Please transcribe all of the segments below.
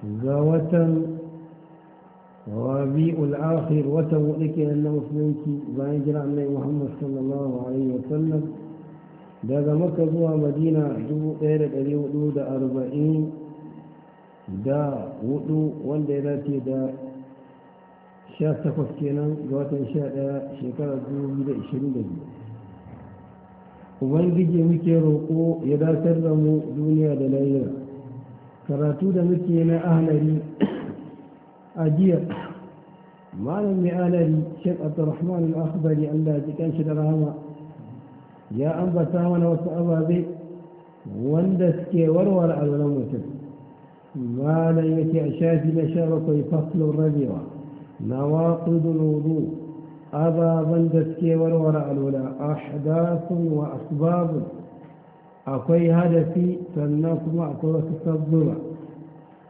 ga watan rabi'ul akhir watan hudu kenan na musulunci bayan jira annabi muhammad sallallahu alaihi wa sallam daga maka zuwa madina 1440 da hudu wanda ya dace da takwas kenan ga watan sha 11 shekarar dubu da da ishirin 2022 ubangiji muke roƙo ya datar da mu duniya da lahira karatu da muke na ahalari a jiya malam mai ahalari shek abdurrahman al-akhbari allah ya cikin shi da rahama ya ambata mana wasu ababe wanda suke warware alwalan mutum malam yake a shafi na sha bakwai faslun rabewa na waƙudun wudu ababen da suke warware alwala ahdasun wa asbabun akwai hadafi sannan kuma akwai wasu sabbura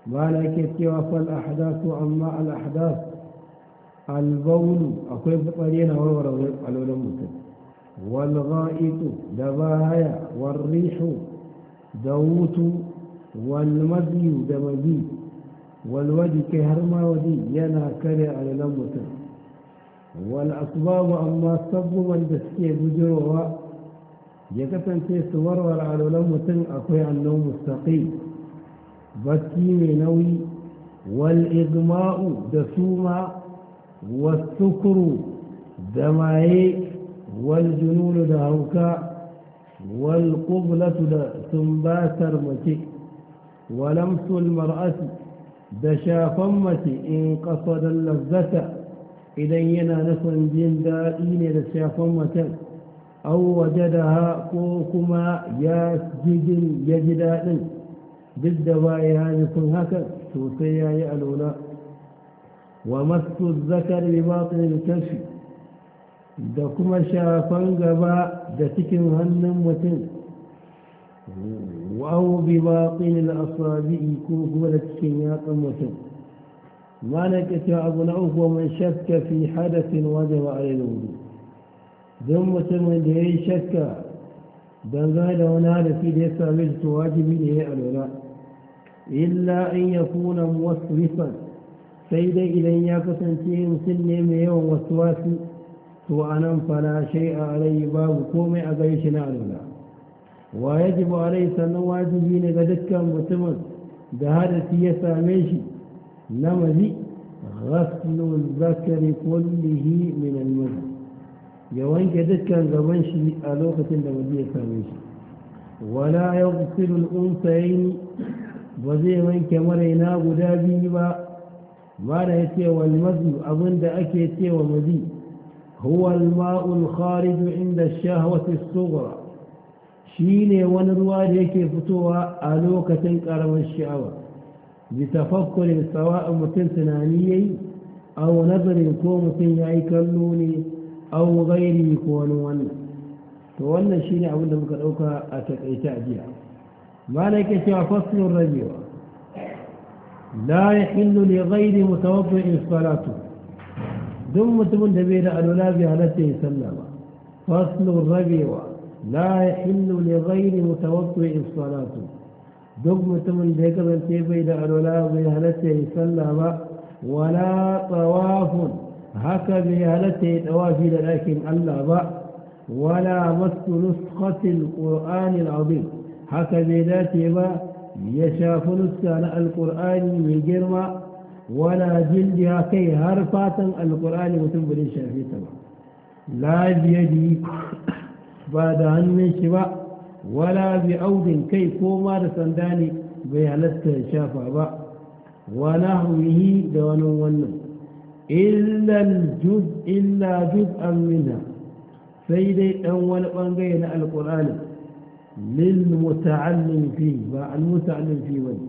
ba na yake cewa fal ahdasu amma al ahdas albaulu akwai fitsari yana warware alolin mutum wal gha'itu da baya wal rihu da wutu wal madiyu da madi wal waji kai har ma waji yana kare alolin mutum wal asbabu amma sabbu wanda suke bujowa يكتن تيستورو العلولو متن أكوي عنو مستقيم بكيمي نوي والإغماء دسوما والسكر دمائي والجنون دهوكا والقبلة دسنبات المتي ولمس المرأة دشافمتي إن قصد اللفزة إذن ينا نسوان جندائين دشافمتي أو وجدها كوكما يا جد يجدا بالدواء هذه كن هكا توصيا يألونا ومس الذكر بباطن الكشف da kuma shafan gaba da cikin hannun mutum wa'au bi baƙin al'asabi'i ko kuma da cikin yatsan mutum ma na ƙasa abu na uku man shakka fi hadasin wajen wa'ayyar wuri don mutumin da ya yi shakka dangane da wani harafi da ya same shi to wajibi ne ya alwala illa an ya kuna wasrifan sai dai idan ya kasance mutum ne mai yawan waswasi to a nan fala shai a alayhi babu komai a gare shi na alwala wa yajibu alayhi sannan wajibi ne ga dukkan mutumin da harafi ya same shi na mazi غسل الذكر كله من المذي يوان كذلك كان زمان شيء ألوكة لمدية كاميش ولا يغفر الأنسين وزي من كمرينا قدابي با ما رأيتي والمزي أظن دأكيتي ومزي هو الماء الخارج عند الشهوة الصغرى شيني ونرواد يكي فتوى ألوكة كرم الشعوة بتفكر سواء متنسنانيين أو نظر كومتين يعيكلوني au gairi ko wani wannan to wannan shine abin da muka dauka a takaice a jiya malai ke cewa faslun rabiwa la yahillu li ghairi mutawaddi'in salatu duk mutumin da bai da alwala bai halatta ya sallah ba faslun rabiwa la yahillu li ghairi mutawaddi'in salatu duk mutumin da ya kasance bai da alwala bai halatta ya sallah ba wala tawafun هكا يالتي توافل لكن ألا ضع ولا مس نسخة القرآن العظيم هكا ذاتي ما يشاف نسخة القرآن من ولا جلدها كي هرفة القرآن وتم بريشا في سبع لا بيدي بعد أن من شبع ولا بعود كي كومار سنداني بيالت شافع بع ونهوه دون ونهو إلا الجزء إلا جزءا منها سيدي أول أنقين القرآن للمتعلم فيه با المتعلم فيه وين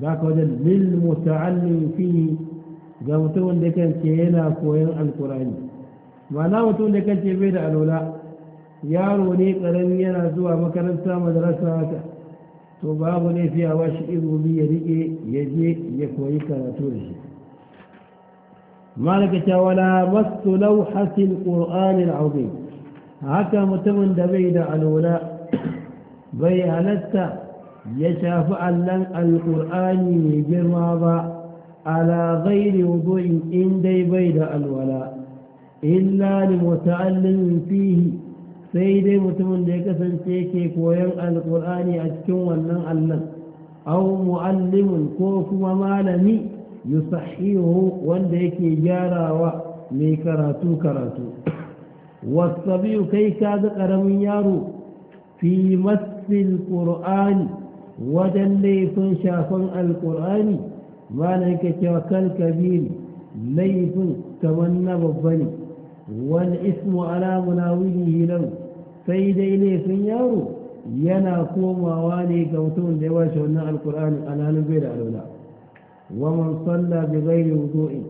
ذاك وجل للمتعلم فيه جاوتو اللي كان كينا كوين القرآن ما ناوتو اللي كان كبير الأولى يارو لي قرن ينا زوا مكرن سامة رسالة تو بابني فيها واش إذو بي يديك يديك يكويك رسولك مالك ولا مست لوحة القرآن العظيم هكا متمن دبيد الولاء بي ألت يشافع لن القرآن بالرابع على غير وضوء إن دبيد الولاء إلا لمتعلم فيه سيد متمن ديك سنتيكي كوين القرآن أتكون لن أو معلم كوكو مالمي yusahihu wanda yake gyarawa mai karatu karatu biyu kai ka ga ƙaramin yaro fi matsil ƙur'ani wajen laifin shafan alƙur'ani Ba na yake cewa kal kabiri laifin kamar na babba ne wani ismu ala munawilihi lahu sai dai laifin yaro yana komawa ne ga mutum da ya washe wannan alƙur'ani alhalin bai da alaula ومن صلى بغير وضوء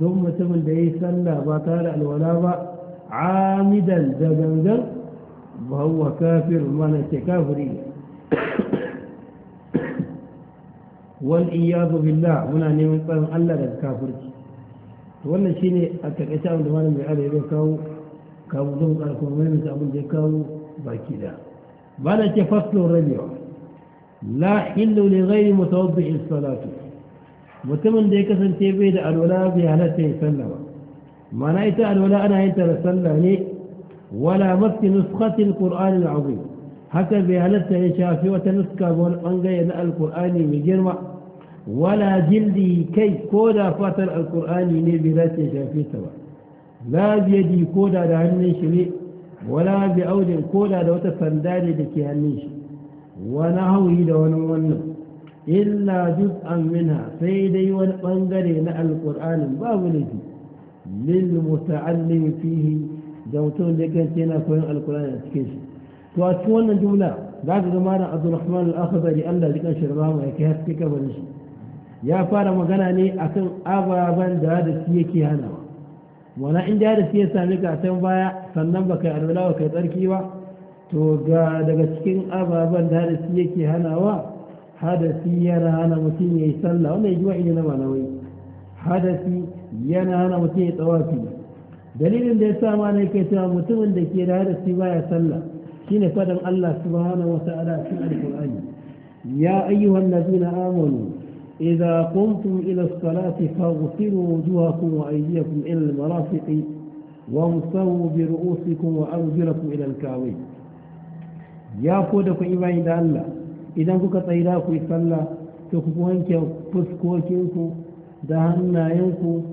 ثم تمن ده صلى بطار الولاء عامدا دغنغر وهو كافر من التكافري والإياذ بالله هنا نمن قال الله ده ولا شيء ني اتكاتاو ده مالم بي عليه كاو كاو دون قال كون ابو دي كاو بالا تفصل الرجوع لا حل لغير متوضئ الصلاه mutumin da ya kasance bai da alwala bai halatta ya sallah ba mana ita alwala ana yin ta da sallah ne wala mafi nuskatin qur'ani na abu haka bai halatta ya shafi wata nuska ga wani bangare na alkur'ani mai girma wala jildi kai ko da fatar alkur'ani ne bai za ta shafi ta ba la biyadi ko da da hannun shi ne wala bi audin ko da da wata sanda ne da ke hannun shi wani hauyi da wani wannan illa juz'an minha sai dai wani bangare na alqur'ani babu laifi lil muta'allim fihi da mutum da yake yana koyon alqur'ani a cikin shi to a cikin wannan jumla za ka zama da Abdulrahman al-Akhdari Allah ya kan shirma mai kai haske bari shi ya fara magana ne akan ababen da da shi yake hanawa wala in da shi ya sami ka can baya sannan baka yi alwala ba kai tsarki ba to ga daga cikin ababen da da yake hanawa حدثي ينا أنا متين يسلى ولا يجوع ينا وانا وي حدثي ينا أنا متين طوافي دليل ان ديسا ما نكتا متمن دكي لها السواء يسلى شين فدم الله سبحانه وتعالى في القرآن يا أيها الذين آمنوا إذا قمتم إلى الصلاة فاغسلوا وجوهكم وأيديكم إلى المرافق وامسحوا برؤوسكم وأرجلكم إلى الكعبين يا فودك إذا الله idan kuka tsaye za ku yi sallah to ku wanke fuskokinku da hannayenku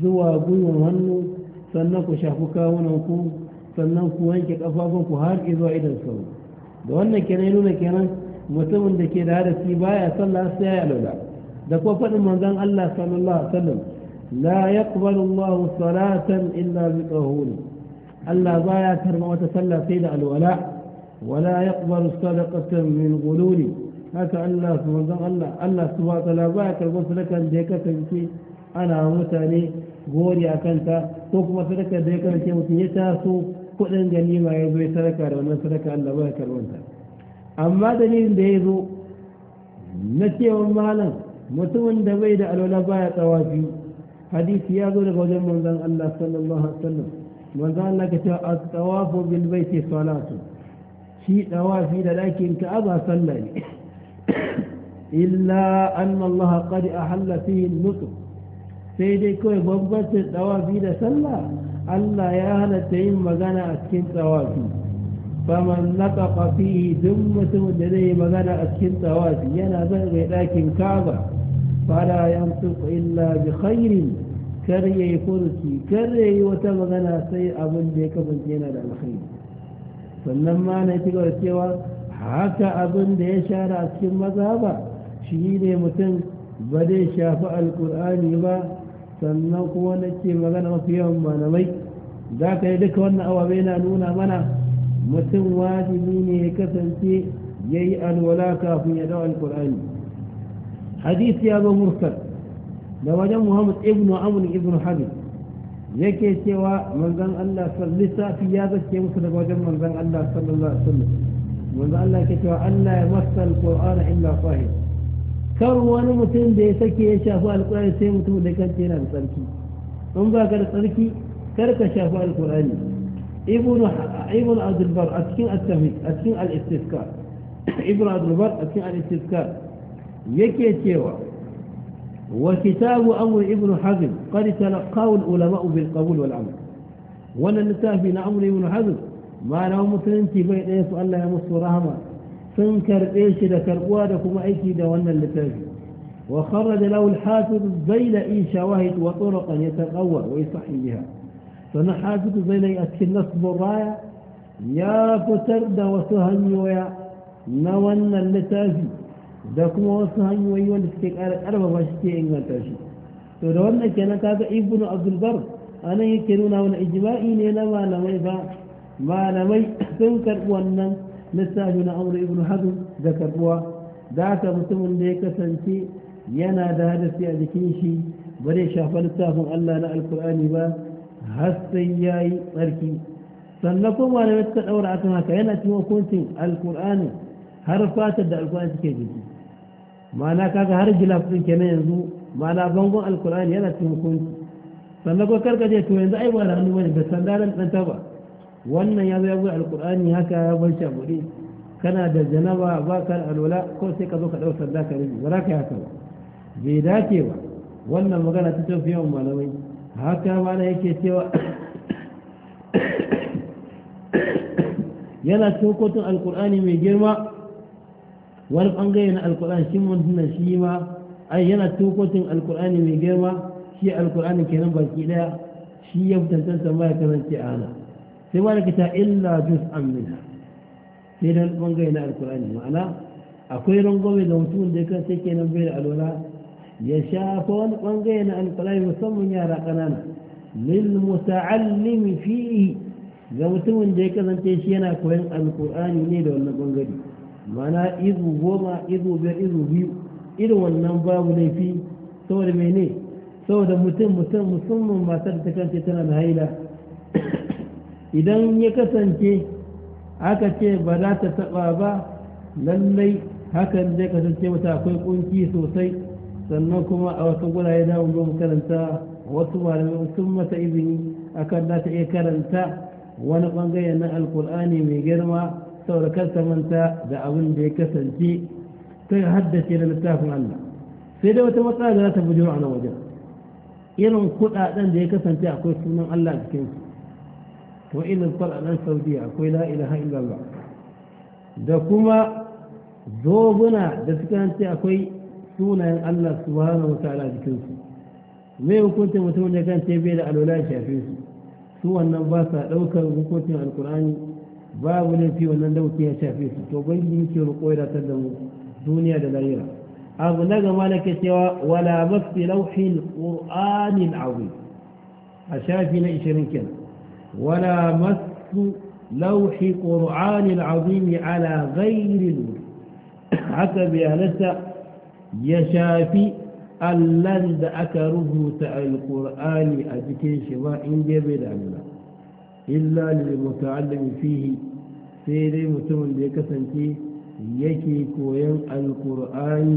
zuwa gwiwar hannu sannan ku shafi kawunanku sannan ku wanke ƙafafunku har zuwa idan sau da wannan kenan nuna kenan mutumin da ke da hadasi baya sallah sai ya lula da kuma faɗin manzon Allah sallallahu alaihi wasallam la yaqbalu Allahu salatan illa bi tahur Allah baya karɓa wata sallah sai da alwala ولا يقبل صدقة من غلول haka Allah su manzon Allah Allah su ba tsala ba ya karɓar sadakar da ya kasance ana mutane gori a kanta ko kuma sadakar da ya kasance mutum ya taso kuɗin ganima ya zo ya sadaka da wannan sadaka Allah ba ya karɓar ta amma dalilin da ya zo na cewa malam mutumin da bai da alwala ba ya tsawa biyu hadisi ya zo daga wajen manzon Allah sallallahu alaihi wasallam manzon Allah ka ce as-tawafu bil baiti salatu shi ɗawafi da ɗakin ka'aba sallah ne illa anna Allah qad ahalla fihi nusuk sai dai kawai bambancin dawafi da sallah Allah ya halatta yin magana a cikin dawafi faman naqaqa fihi duk mutumin da zai magana a cikin tsawafi yana zan mai ɗakin ka'aba fala yamsuku illa bi khairin kar yayi kurki kar yayi wata magana sai abin da ya kasance yana da alkhairi sannan ma na ci gaba cewa haka abin da ya share a cikin maza ba shi ne mutum ba zai shafi alkur'ani ba sannan kuma na ce magana mafi yawan malamai za ka yi duka wannan awabe na nuna mana mutum wajibi ne ya kasance ya yi alwala kafin ya dawo alkur'ani hadisi ya zo mursal da wajen muhammad ibn amr ibn habib yake cewa manzon Allah lissafi ya zace musu daga wajen manzon Allah sallallahu alaihi wasallam manzon Allah yake cewa Allah ya masal Qur'an illa fahim kar wani mutum da ya sake ya shafi alqur'ani sai mutum da kanta yana da tsarki in ba ka da tsarki kar ka shafi alqur'ani ibnu ibnu abdul bar a cikin at-tamhid a cikin al-istisqa ibnu abdul bar a cikin al-istisqa yake cewa وكتاب أمر ابن حزم قد تلقاه العلماء بالقبول والعمل ولا نتافي لأمر ابن حزم ما لو نعم مسلمتي بين ايس الله يمس رحمة تنكر ايش ذكر وادكم ايش دوانا اللتافي وخرج له الحافظ بين اي شواهد وطرقا يتقوى ويصحي بها فانا حافظ بين اي النصب نصب الرايه يا فترد وسهمي ويا نوانا اللتافي da kuma wasu hanyoyi wanda suke ƙara ƙarfafa shi ke inganta shi to da wannan kenan kaga ibnu abdul bar anan yake nuna wani ijma'i ne na malamai ba malamai sun karɓi wannan lissafi na amru ibnu hazm da karɓuwa da ta mutumin da ya kasance yana da hadasi a jikin shi ba zai shafa littafin Allah na alkur'ani ba har sai ya yi tsarki sannan kuma malamai suka ɗaura akan haka yana cikin hukuncin alkur'ani har fatar da alkur'ani suke jiki ma'ana kaga har gilaf din kenan yanzu ma'ana bangon alkur'ani yana cin hukunci sannan ko karka je to yanzu ai ba da hannu bane da na dan taba wannan ya zai ya buɗe alkur'ani haka ya bar shi kana da janaba ba ka alwala ko sai ka zo ka ɗau sanda ka rubi ba za ka yaka ba bai dace ba wannan magana ta tafi yawan malamai haka mana yake cewa yana cokotun alkur'ani mai girma wani bangare na alkur'ani shi mutum shi ma ai yana tukotin alkur'ani mai girma shi alkur'ani nan baki daya shi ya tantance ma ya kasance ana sai wani kita illa juz'an minha sai dan bangare na alkur'ani ma'ana akwai rangobe da mutum da ya sai kenan bai da alwala ya shafa wani bangare na alkur'ani musamman yara ƙanana lil muta'allimi fihi ga mutumin da ya kasance shi yana koyon alkur'ani ne da wannan bangare mana izu goma izu biyar izu biyu irin wannan babu laifi saboda mene saboda mutum mutum musamman matar ta kanta tana da haila idan ya kasance aka ce ba za ta taba ba lallai hakan zai kasance mata akwai kunci sosai sannan kuma a wasu gurare na mu karanta wasu malamai sun mata izini akan za ta iya karanta wani bangare na alkur'ani mai girma saboda kansa manta da abin da ya kasance ta haddace da littafin Allah sai dai wata matsala da za ta bujo a nan wajen irin kuɗaɗen da ya kasance akwai sunan Allah a cikinsu kuma irin kuɗaɗen saudiya akwai la ilaha illallah da kuma zobuna da suka hanci akwai sunayen Allah subhanahu wa ta'ala su mai hukuncin mutum ne kan ce bai da alwala shafin su su wannan ba sa ɗaukar hukuncin alkur'ani babu laifi wannan dauki ya shafe su to bangi yake roƙo ya datar da mu duniya da lahira abu na gama na ke cewa wala mafi lauhin ƙur'anin abu a shafi na 20 kin wala masu lauhi ƙur'anin azimi ala gairin haka bai halatta ya shafi allan da aka rubuta alƙur'ani a cikin shi ba inda bai da allah إلا للمتعلم فيه سيدي مسلم بكسنتي يكي كوين القرآن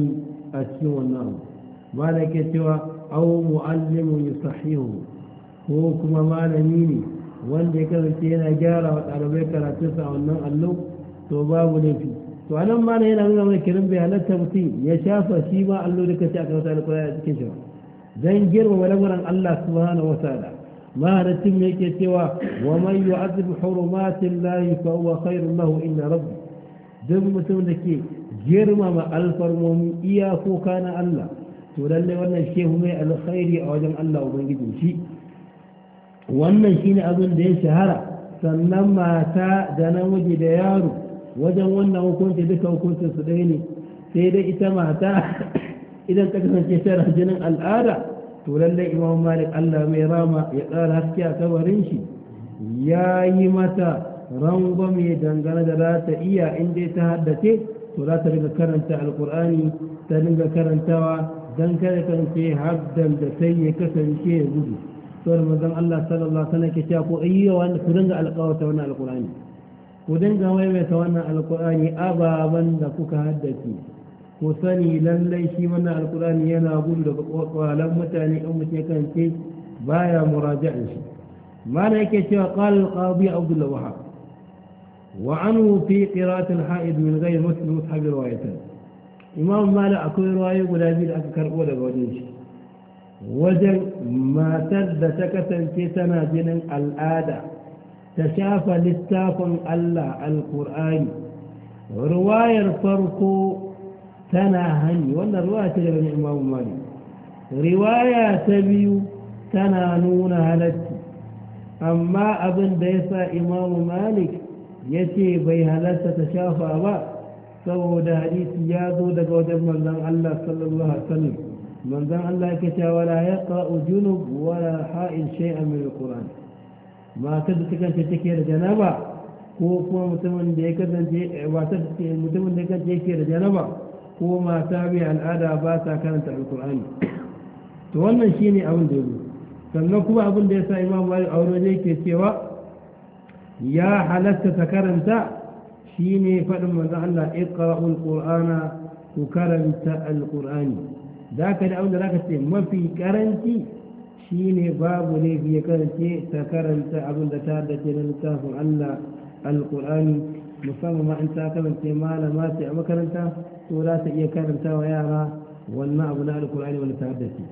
أسلم النار مالك سوى أو معلم يصحيه هو كما مال مين وان دي كذا تينا جارة العربية كرا تسعى النار اللوك توباب لنفي وعلم مال هنا من أمر الكرم بها لتبطي يشاف شيما اللوك تأكد وتعالى القرآن أسلم النار زين جير ومرمرا الله سبحانه وتعالى ما رسم لك سوى ومن يعذب حرمات الله فهو خير له إن ربي دم مسلمك جرم ما الفرمون إياكو كان الله تقول لي وانا الشيخ مي الخير أعجم الله ومن قد يمشي وانا شين أظن دي شهر سنما تا دانا وجي ديارو وجن وانا وكنت بك وكنت صديني سيدي إتما تا إذا تكسن كسر جنن الآرة to lallai imam malik allah mai rama ya ƙara haske a kabarin shi ya yi mata rangwame dangane da za ta iya in dai ta haddace to za ta riga karanta alkur'ani ta dinga karantawa don kada kasance haddan da sai ya kasance ya gudu to da manzon Allah sallallahu alaihi wasallam ke cewa ko ayyo wanda ku dinga alƙawata wannan alkur'ani ku dinga maimaita wannan alkur'ani ababan da kuka haddace ku sani lallai shi wannan alkurani yana gudu daga kwalan mutane in mutum ya kance baya muraja'in shi mana yake cewa qala al-qadi abdul wahab wa anhu fi qira'at al-ha'id min ghayr muslim mushaf riwayatan imam malik akwai riwaye guda biyu da aka karbo daga wajen shi wajen matar da ta kasance tana jinin al'ada ta shafa littafin Allah al-Qur'ani ruwayar farko تنا هني ولا رواية لبني أمام مالي رواية تبيو تنا نون هلتي أما ابن ديسا إمام مالك يتي بي هلتة تشافى أبا سود حديث يادو دقود من الله صلى الله عليه وسلم من ذن الله كتا ولا يقرأ جنوب ولا حائل شيئا من القرآن ما تبتك أن تتكير جنابا كوفوا متمن ديكا تتكير جي ko mata bai al'ada ba ta karanta alkur'ani to wannan shine abin da yazo sannan kuma abin da yasa imam malik a wurin yake cewa ya halatta ta karanta shine faɗin manzon Allah iqra'ul qur'ana ku karanta alkur'ani zaka da abin da zaka ce mafi karanci shine babu ne ya karance ta karanta abin da ta da ke littafin Allah alkur'ani musamman ma in ta kasance malama ce a makaranta to za ta iya karanta wa yara wannan abu na alkur'ani wani tare da shi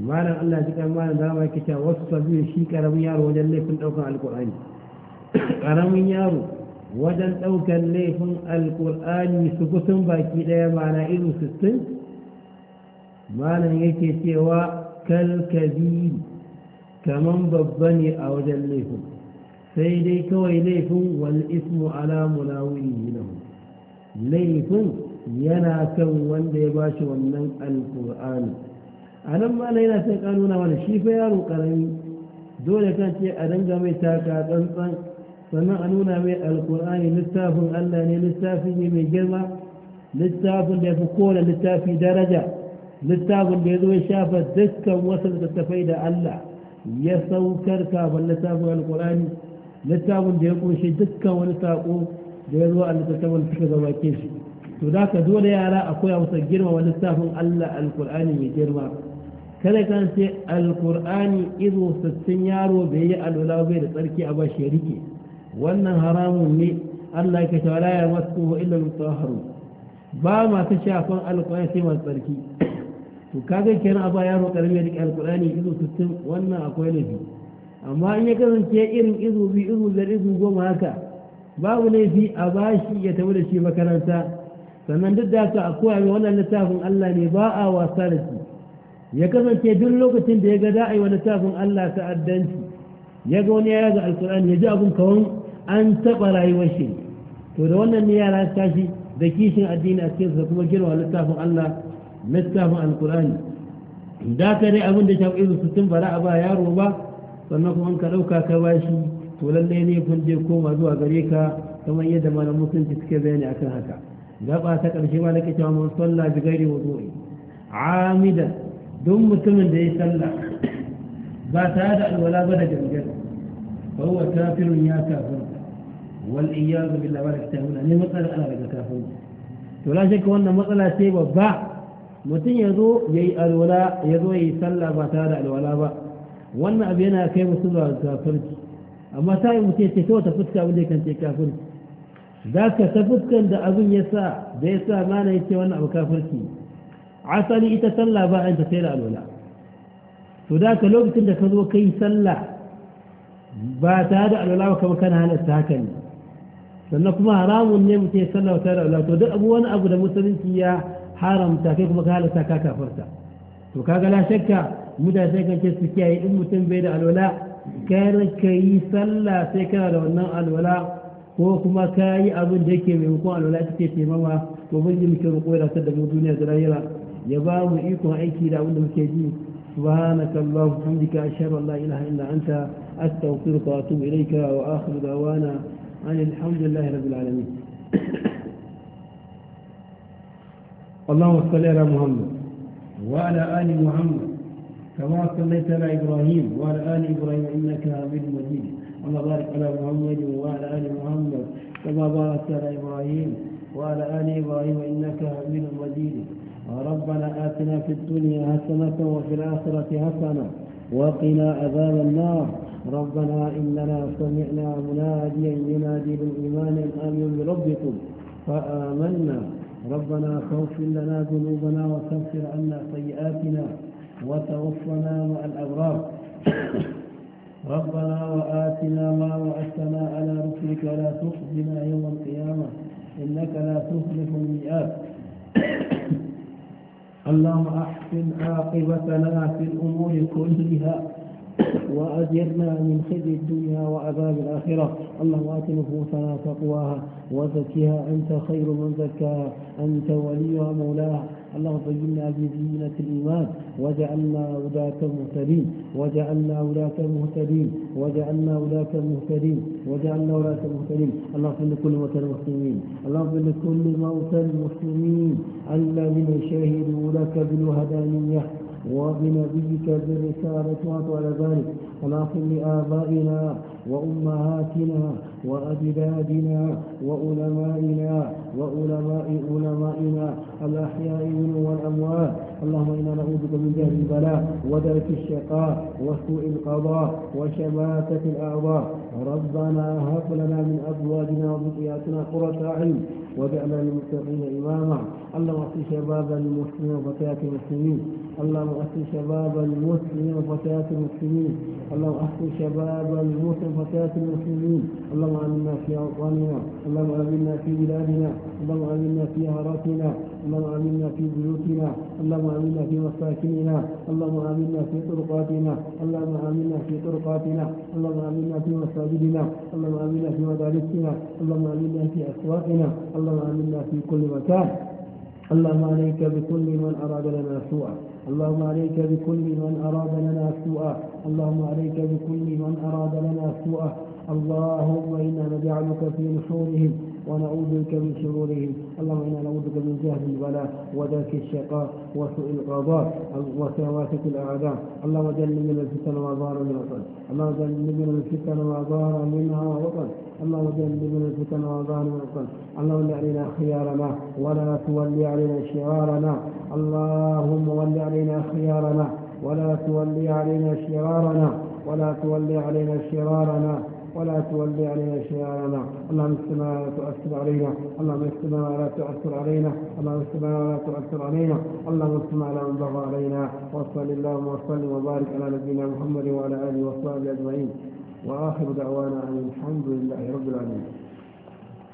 malam allah ji kan malam dama yake cewa wasu sabiyu shi karamin yaro wajen laifin ɗaukar alkur'ani karamin yaro wajen ɗaukar laifin alkur'ani su kusan baki ɗaya mana irin sittin malam yake cewa kalkabi kaman babba ne a wajen laifin فإليك وإليكم والإثم على ملاويه له ليكم يناكم وان ديباش ومن القرآن ألم ما لينا تقالونا ولا شيء فيارو قرمي دولة كانت أدنجا ميتاكا تنطا فمعنونا من القرآن لستاف ألاني لستافي من جرمة لستاف اللي فقولا لستافي درجة لستاف اللي ذوي شافة دسكا وصلت التفايدة ألا يسوكر كافا لستاف القرآن littafin da ya kunshi dukkan wani sako da ya zuwa littattafan suka gabace shi to da ka dole yara a koya musu girma wani littafin Allah alkur'ani mai girma kada kan ce alkur'ani izo sassin yaro bai yi alwala bai da tsarki a bashi ya rike wannan haramun ne Allah ka shawara ya masu wa illa mutahharu ba masu shafan alkur'ani sai masu tsarki to kaga kenan a ba yaro karami ya rike alkur'ani izo sassin wannan akwai laifi amma in ya kasance irin izu biyu izu biyar izu goma haka babu laifi a bashi ya tafi da shi makaranta sannan duk da haka a koya mai wannan littafin Allah ne ba a wasa da shi ya kasance duk lokacin da ya ga za a yi wani littafin Allah ta'addanci ya ga wani ya ga alkur'ani ya ji abin kawan an taɓa rayuwar shi to da wannan ne yara shi da kishin addini a cikin sa kuma girma littafin Allah littafin alkur'ani da ka dai abin da shafi irin su tun bara a ba yaro ba sannan kuma ka dauka ka bashi to lalle ne kun je koma zuwa gare ka kamar yadda malam musulunci suke bayani akan haka gaba ta karshe ma da cewa mun salla bi gairi wudu'i amida don mutumin da ya salla ba ta da alwala ba da gangan fa huwa kafirun ya kafir wal iyad billahi wa rahmatuhu ne matsala ala daga kafin to la shakka wannan matsala sai babba mutum ya zo yayi alwala ya zo yayi sallah ba ta da alwala ba wannan abu yana kai musu zuwa kafirci amma ta yi mutum ce kawai ta fuska wanda kan ce kafirci za ka ta fuskan da abin ya sa da ya sa mana ya ce wannan abu kafirci asali ita sallah ba an ta sai da alwala to da ka lokacin da ka zo kai sallah ba ta da alwala ba kama kana ta haka ne sannan kuma haramun ne mutum ya sallah ta da alwala to duk abu wani abu da musulunci ya haramta kai kuma ka halasta ka kafarta to kaga la shakka mutane sai kan ce su kiyaye in mutum bai da alwala kar ka yi sallah sai kana da wannan alwala ko kuma ka yi abin da yake maimakon alwala ita ce taimama to ban ji muke roƙo ya da mu duniya da rayuwa ya ba mu ikon aiki da abin da muke ji سبحانك اللهم وبحمدك أشهد أن لا إله إلا أنت أستغفرك وأتوب إليك وآخر دعوانا أن الحمد لله رب العالمين اللهم صل على محمد وعلى آل محمد كما صليت على إبراهيم وعلى آل إبراهيم إنك حميد مجيد اللهم بارك على محمد وعلى آل محمد كما باركت على إبراهيم وعلى آل إبراهيم إنك حميد مجيد ربنا آتنا في الدنيا حسنة وفي الآخرة حسنة وقنا عذاب النار ربنا إننا سمعنا مناديا ينادي بالإيمان الآمن بربكم فآمنا ربنا خوف لنا ذنوبنا وكفر عنا سيئاتنا وتوفنا مع الأبرار ربنا وآتنا ما وعدتنا على رسلك ولا تخزنا يوم القيامة إنك لا تخلف المئات اللهم أحسن عاقبتنا في الأمور كلها وأجرنا من خزي الدنيا وعذاب الآخرة اللهم آت نفوسنا تقواها وزكها أنت خير من زكاها أنت وليها مولاها اللهم زينا بزينة الإيمان وجعلنا ولاة المهتدين وجعلنا ولاة المهتدين وجعلنا ولاة المهتدين وجعلنا ولاة المهتدين اللهم اغفر لكل موتى المسلمين اللهم اغفر لكل موتى المسلمين الذين شهدوا لك بالوهدانية وبنبيك بالرسالة وعلى ذلك ولكن لآبائنا وأمهاتنا وأجدادنا وعلمائنا وعلماء علمائنا الأحياء والأموات اللهم إنا نعوذ بك من جهل البلاء ودرك الشقاء وسوء القضاء وشماتة الأعضاء ربنا هب لنا من أزواجنا وذرياتنا قرة أعين واجعلنا للمتقين إماما اللهم أسر شباب المسلمين وفتيات المسلمين اللهم أسر شباب المسلمين وفتيات المسلمين اللهم أسر شباب المسلمين وفتيات المسلمين اللهم آمنا في أوطاننا اللهم آمنا في بلادنا اللهم آمنا في هراتنا اللهم آمنا في بيوتنا اللهم اللهم آمنا في مساكننا اللهم آمنا في طرقاتنا اللهم آمنا في طرقاتنا اللهم آمنا في مساجدنا اللهم آمنا في مدارسنا اللهم آمنا في أسواقنا اللهم آمنا في كل مكان اللهم عليك بكل من أراد لنا سوءا اللهم عليك بكل من أراد لنا سوءا اللهم عليك بكل من أراد لنا سوءا اللهم إنا نجعلك في نحورهم ونعوذ بك من شرورهم اللهم إنا نعوذ بك من جهل البلاء وذاك الشقاء وسوء القضاء وسواسة الأعداء اللهم جنبنا الفتن ما ظهر منها وطن اللهم جنبنا الفتن ما ظهر منها وطن اللهم جنبنا الفتن ما ظهر منها وطن اللهم ول علينا خيارنا ولا تولي علينا شرارنا اللهم ول علينا خيارنا ولا تولي علينا شرارنا ولا تولي علينا شرارنا ولا تولي علينا شيئا اللهم استمع ولا تؤثر علينا اللهم استمع ولا تؤثر علينا اللهم استمع ولا تؤثر علينا اللهم استمع لا من علينا وصل اللهم وسلم وبارك على نبينا محمد وعلى اله وصحبه اجمعين واخر دعوانا ان الحمد لله رب العالمين